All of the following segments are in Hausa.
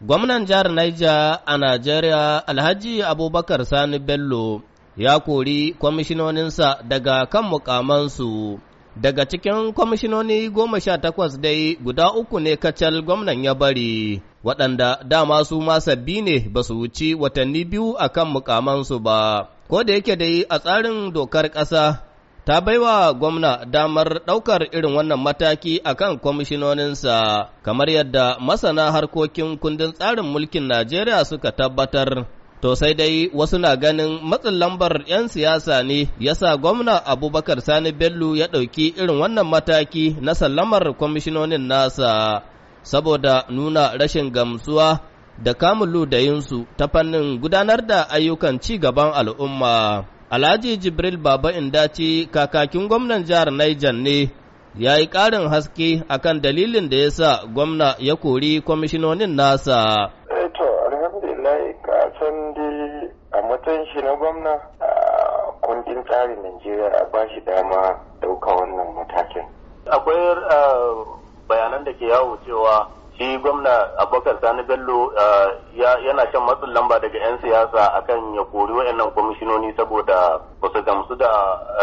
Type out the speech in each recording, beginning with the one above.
Gwamnan jihar Niger a Najeriya Alhaji Abubakar Sani Bello ya kori kwamishinoninsa daga kan mukamansu. Daga cikin kwamishinoni goma sha takwas dai guda uku ne kacal gwamnan ya bari, waɗanda dama su ma sabbi ne ba su wuci watanni biyu a kan mukamansu ba. Ko da yake dai a tsarin dokar ƙasa ta baiwa gwamna damar ɗaukar irin wannan mataki akan kwamishinoninsa kamar yadda masana harkokin kundin tsarin mulkin Najeriya suka tabbatar. To sai dai wasu na ganin matsin lambar 'yan siyasa ne ya sa gwamna Abubakar Sani Bello ya ɗauki irin wannan mataki na sallamar kwamishinonin nasa saboda nuna rashin gamsuwa da kamulu da yinsu ta fannin gudanar da ayyukan ci gaban al'umma. Alhaji Jibril Baba dace kakakin gwamnan jihar Niger ne ya yi ƙarin haske akan dalilin da ya sa gwamna ya kori kwamishinonin nasa. Eto, eh, alhamdulillah ka san a matsayin shi na gwamna a kundin tsarin Najeriya a ba shi dama ɗauka wannan matakin. Akwai eh, bayanan da ke yawo cewa shi gwamna abubakar sani bello uh, yana shan matsin lamba daga 'yan siyasa akan ya kori wayannan kwamishinoni saboda ba su gamsu da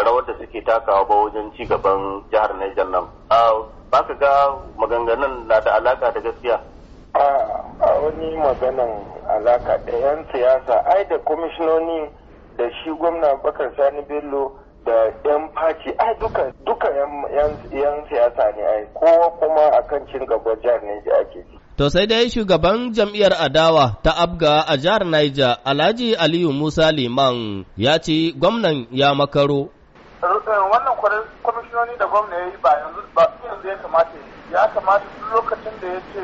rawar da suke takawa ba wajen ci gaban jihar Niger nan uh, ba ka ga maganganun na da alaka da gaskiya a wani maganan alaka da 'yan siyasa ai da kwamishinoni da shi gwamna abubakar sani bello da yan faci ai duka duka yan siyasa ne ai kowa kuma kan cin gaba jihar ne ake ji To sai dai shugaban jam'iyyar adawa ta Abga a jihar Niger Alhaji Aliyu Musa Liman ya ce gwamnan ya makaro. Eh, wannan kwamishinoni da gwamna ya yi ba yanzu ba yanzu ya kamata ya kamata duk lokacin da ya ce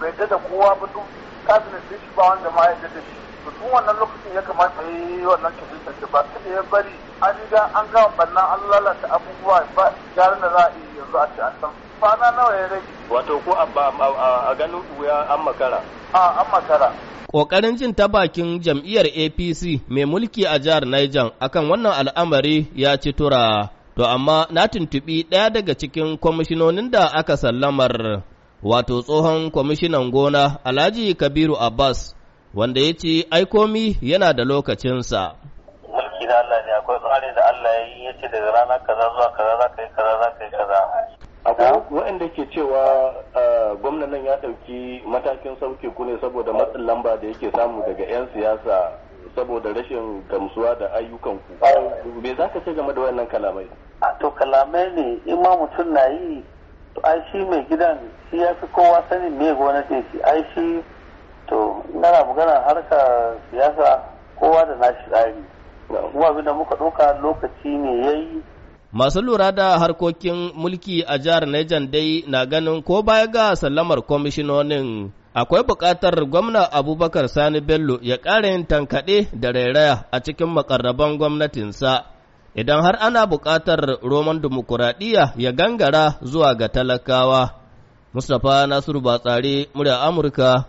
bai da kowa ba duk kabinet shi ba wanda ma ya da shi to tun wannan lokacin ya kamata ya yi wannan da ba ta da ya bari an riga an gama bannan an lalata abubuwa ba gyaran da za a yi yanzu a ce an san nawa ya rage. wato ko a ganin wuya an makara. a an makara. Ƙoƙarin jin ta bakin jam'iyyar APC mai mulki a jihar Niger akan wannan al'amari ya ci tura, to amma na tuntuɓi ɗaya daga cikin kwamishinonin da aka sallamar, wato tsohon kwamishinan gona Alhaji Kabiru Abbas wanda ya ce aikomi yana da lokacinsa. Mulki da Allah ne akwai tsari da Allah ya yi ya ce daga rana kaza zuwa kaza za ka kaza za ka kaza. Akwai waɗanda ke cewa ah, gwamnan ya ɗauki matakin sauke ku ne saboda matsin lamba da yake samu daga 'yan siyasa saboda rashin gamsuwa da ayyukan ku. Me za ka ce game da wannan kalamai? A to kalamai ne in ma mutum na yi to ai shi mai gidan shi ya fi kowa sanin me gwamnati ai shi kana magana harka siyasa kowa da nashi tsari kuma abin da muka ɗauka lokaci ne ya yi Masu lura da harkokin mulki a jihar Niger dai na ganin ko baya ga sallamar kwamishinonin akwai buƙatar gwamna Abubakar Sani Bello ya ƙara yin tankaɗe da rairaya a cikin makarraban gwamnatinsa. Idan har ana buƙatar roman dimokuraɗiyya ya gangara zuwa ga talakawa. Mustapha Nasiru Batsari, murya Amurka,